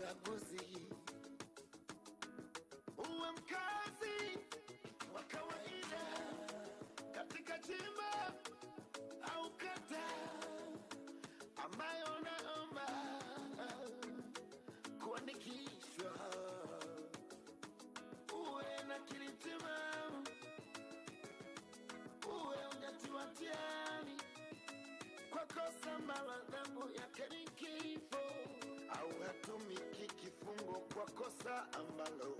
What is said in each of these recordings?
uchaguzi uwe mkazi wa kawaida katika jimbo au kata ambayo naomba kuandikishwa, uwe na kilitima, uwe ungatiwa tiani kwa kosa maradhabu adhabu yake ni kifo au hatumiki kwa kosa ambalo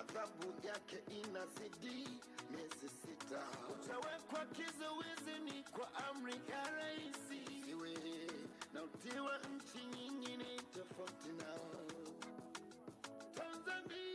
adhabu yake inazidi miezi sita. Utawekwa kizuizini kwa amri ya rais, iwe na utiwa nchi nyingine tofauti nao Tanzania.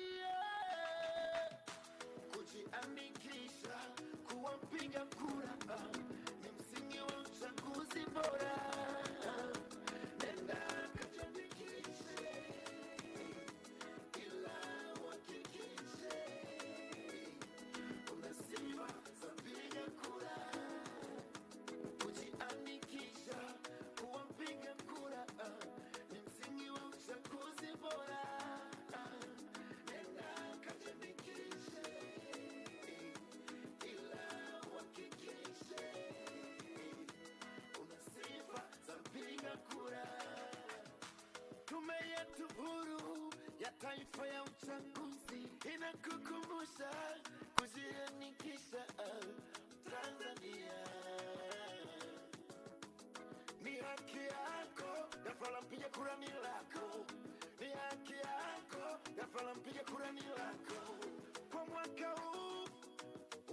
ya taifa ya uchaguzi inakukumbusha kujiandikisha Tanzania. Ni haki yako, nafala mpiga kura ni lako. Ni haki yako, nafala mpiga kura ni lako. Kwa mwaka huu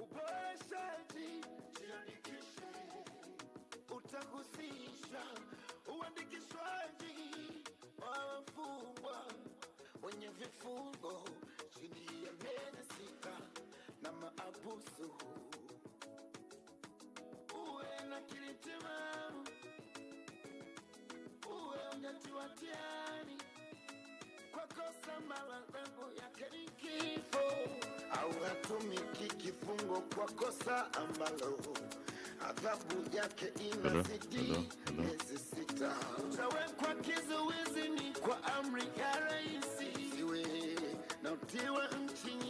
uboreshaji, jiandikishe, utahusisha uandikishwaji wa wafungwa wenye vifungo chini ya mene sita na maabusu. Uwe na akili uwe unajua tiani kwa kosa malango yake ni kifo, au hatumiki kifungo kwa kosa ambalo adhabu yake inazidi miezi sita, utawekwa kizuizini kwa amri ya rais. Nautiwa Tanzania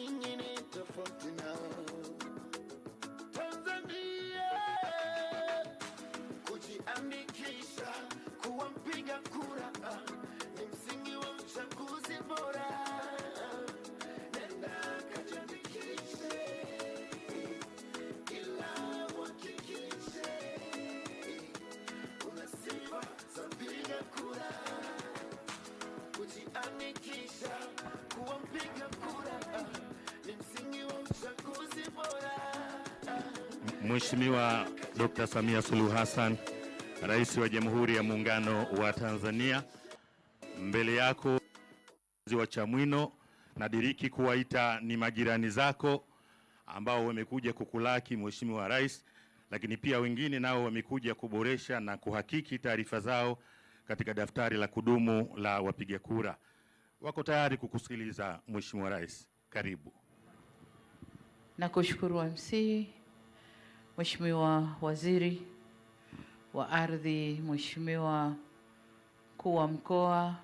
kura ni msingi wa uchaguzi bora. Uh, uh. Mheshimiwa Dr. Samia Suluhu Hassan, Rais wa Jamhuri ya Muungano wa Tanzania, mbele yako wa Chamwino nadiriki kuwaita ni majirani zako ambao wamekuja kukulaki Mheshimiwa Rais, lakini pia wengine nao wamekuja kuboresha na kuhakiki taarifa zao katika daftari la kudumu la wapiga kura wako tayari kukusikiliza Mheshimiwa Rais. Karibu. Nakushukuru MC. Mheshimiwa Waziri wa Ardhi, Mheshimiwa Mkuu wa Mkoa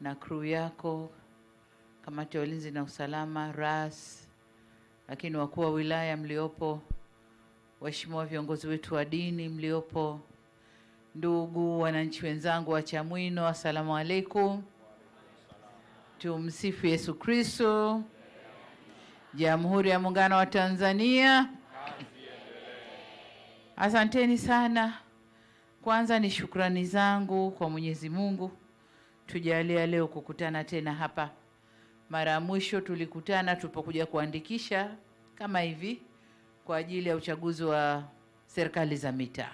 na crew yako, kamati ya ulinzi na usalama, RAS, lakini wakuu wa wilaya mliopo, waheshimiwa viongozi wetu wa dini mliopo, ndugu wananchi wenzangu wa Chamwino, assalamu alaikum. Tumsifu Yesu Kristo. Jamhuri ya Muungano wa Tanzania. Asanteni sana. Kwanza ni shukrani zangu kwa Mwenyezi Mungu tujalia leo kukutana tena hapa. Mara ya mwisho tulikutana tulipokuja kuandikisha kama hivi kwa ajili ya uchaguzi wa serikali za mitaa,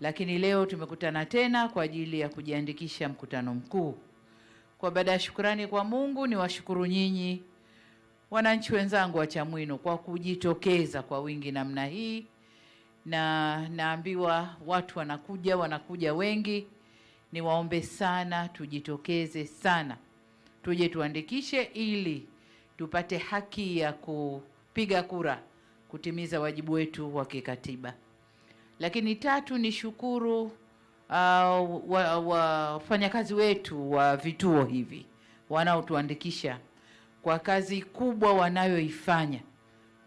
lakini leo tumekutana tena kwa ajili ya kujiandikisha mkutano mkuu. Kwa baada ya shukrani kwa Mungu, ni washukuru nyinyi wananchi wenzangu wa Chamwino kwa kujitokeza kwa wingi namna hii, na naambiwa watu wanakuja, wanakuja wengi. Niwaombe sana tujitokeze sana, tuje tuandikishe ili tupate haki ya kupiga kura, kutimiza wajibu wetu wa kikatiba. Lakini tatu, ni shukuru wafanyakazi wa, wa, wetu wa vituo hivi wanaotuandikisha kwa kazi kubwa wanayoifanya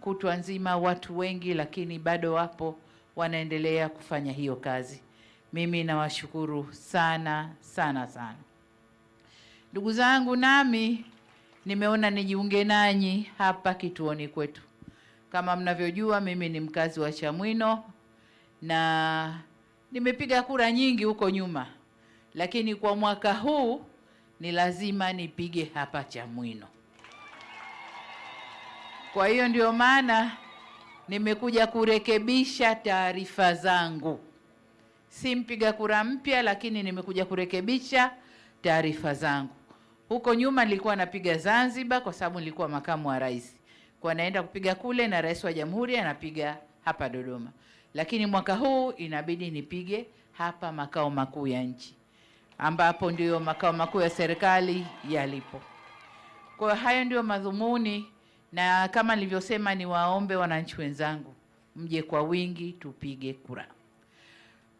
kutwa nzima, watu wengi, lakini bado wapo wanaendelea kufanya hiyo kazi. Mimi nawashukuru sana sana sana, ndugu zangu, nami nimeona nijiunge nanyi hapa kituoni kwetu. Kama mnavyojua, mimi ni mkazi wa Chamwino na Nimepiga kura nyingi huko nyuma, lakini kwa mwaka huu ni lazima nipige hapa Chamwino. Kwa hiyo ndio maana nimekuja kurekebisha taarifa zangu, si mpiga kura mpya, lakini nimekuja kurekebisha taarifa zangu. Huko nyuma nilikuwa napiga Zanzibar kwa sababu nilikuwa makamu wa rais, kwa naenda kupiga kule na rais wa jamhuri anapiga hapa Dodoma lakini mwaka huu inabidi nipige hapa makao makuu ya nchi ambapo ndiyo makao makuu ya serikali yalipo. Kwa hiyo hayo ndio madhumuni, na kama nilivyosema, ni waombe wananchi wenzangu mje kwa wingi tupige kura.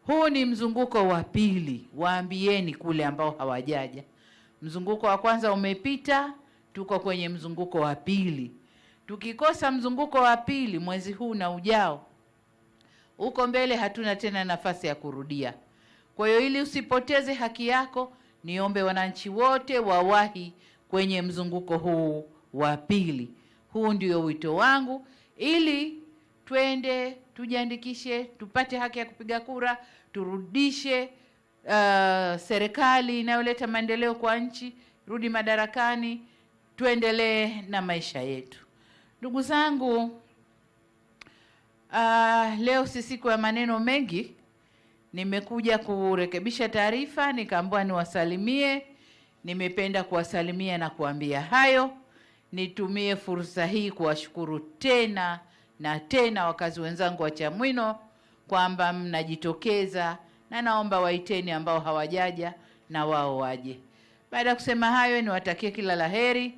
Huu ni mzunguko wa pili, waambieni kule ambao hawajaja. Mzunguko wa kwanza umepita, tuko kwenye mzunguko wa pili. Tukikosa mzunguko wa pili mwezi huu na ujao huko mbele hatuna tena nafasi ya kurudia. Kwa hiyo ili usipoteze haki yako, niombe wananchi wote wawahi kwenye mzunguko huu wa pili. Huu ndio wito wangu, ili twende tujiandikishe, tupate haki ya kupiga kura, turudishe uh, serikali inayoleta maendeleo kwa nchi, rudi madarakani, tuendelee na maisha yetu, ndugu zangu. Uh, leo si siku ya maneno mengi, nimekuja kurekebisha taarifa, nikaambiwa niwasalimie. Nimependa kuwasalimia na kuambia hayo. Nitumie fursa hii kuwashukuru tena na tena wakazi wenzangu wa Chamwino kwamba mnajitokeza, na naomba waiteni ambao hawajaja na wao waje. Baada ya kusema hayo, niwatakie kila laheri,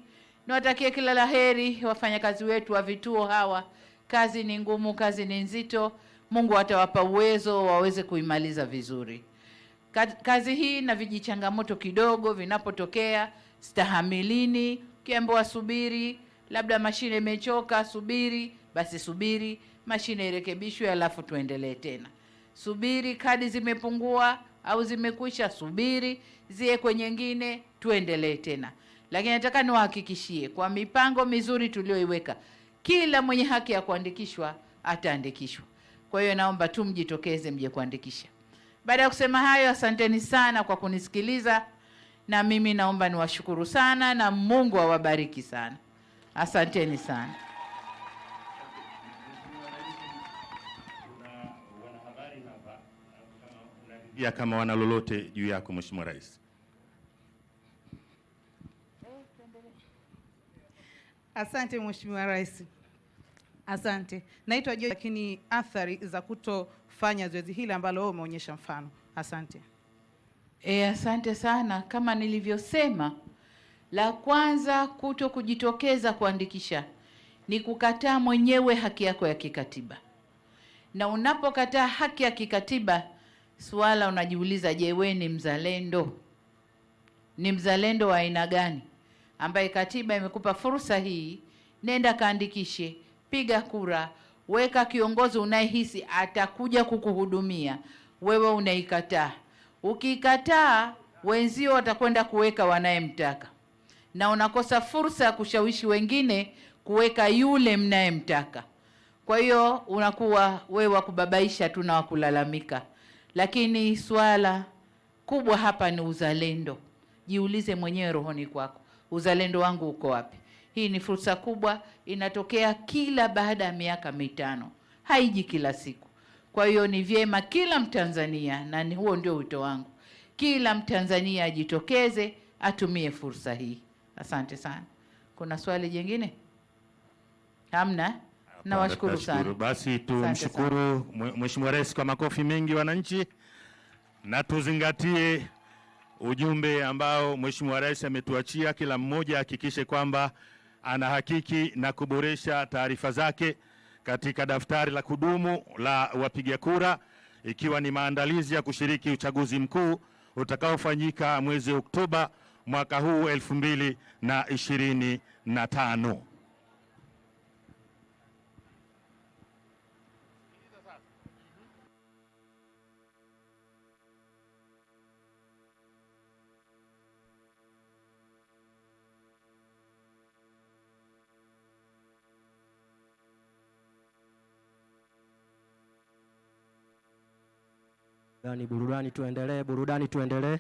niwatakie kila laheri wafanyakazi wetu wa vituo hawa Kazi ni ngumu, kazi ni nzito. Mungu atawapa uwezo waweze kuimaliza vizuri kazi hii, na vijichangamoto kidogo vinapotokea, stahamilini. Ukiambiwa subiri, labda mashine imechoka, subiri basi, subiri mashine irekebishwe, alafu tuendelee tena. Subiri kadi zimepungua au zimekwisha, subiri kwenye nyingine, tuendelee tena. Lakini nataka niwahakikishie kwa mipango mizuri tuliyoiweka kila mwenye haki ya kuandikishwa ataandikishwa. Kwa hiyo naomba tu mjitokeze mje kuandikisha. Baada ya kusema hayo, asanteni sana kwa kunisikiliza, na mimi naomba niwashukuru sana na Mungu awabariki wa sana. Asanteni sana. Ya kama wana lolote juu yako Mheshimiwa Rais. Asante Mheshimiwa Rais. Asante. Naitwa Joy, lakini athari za kutofanya zoezi hili ambalo wewe umeonyesha mfano. Asante. E, asante sana. Kama nilivyosema, la kwanza kuto kujitokeza kuandikisha ni kukataa mwenyewe haki yako ya kikatiba, na unapokataa haki ya kikatiba swala unajiuliza, je, wewe ni mzalendo? Ni mzalendo wa aina gani? ambaye katiba imekupa fursa hii, nenda kaandikishe, piga kura, weka kiongozi unayehisi atakuja kukuhudumia. Wewe unaikataa, ukiikataa wenzio watakwenda kuweka wanayemtaka, na unakosa fursa ya kushawishi wengine kuweka yule mnayemtaka. Kwa hiyo unakuwa wewe wa kubabaisha tu na wakulalamika Lakini swala kubwa hapa ni uzalendo. Jiulize mwenyewe rohoni kwako, uzalendo wangu uko wapi? Hii ni fursa kubwa, inatokea kila baada ya miaka mitano, haiji kila siku. Kwa hiyo ni vyema kila Mtanzania, na huo ndio wito wangu, kila Mtanzania ajitokeze, atumie fursa hii. Asante sana. Kuna swali jingine? Hamna? Nawashukuru sana. Basi tumshukuru Mheshimiwa Rais kwa makofi mengi wananchi, na tuzingatie ujumbe ambao Mheshimiwa Rais ametuachia, kila mmoja ahakikishe kwamba anahakiki na kuboresha taarifa zake katika daftari la kudumu la wapiga kura, ikiwa ni maandalizi ya kushiriki uchaguzi mkuu utakaofanyika mwezi Oktoba mwaka huu 2025. Burudani, burudani tuendelee, burudani tuendelee.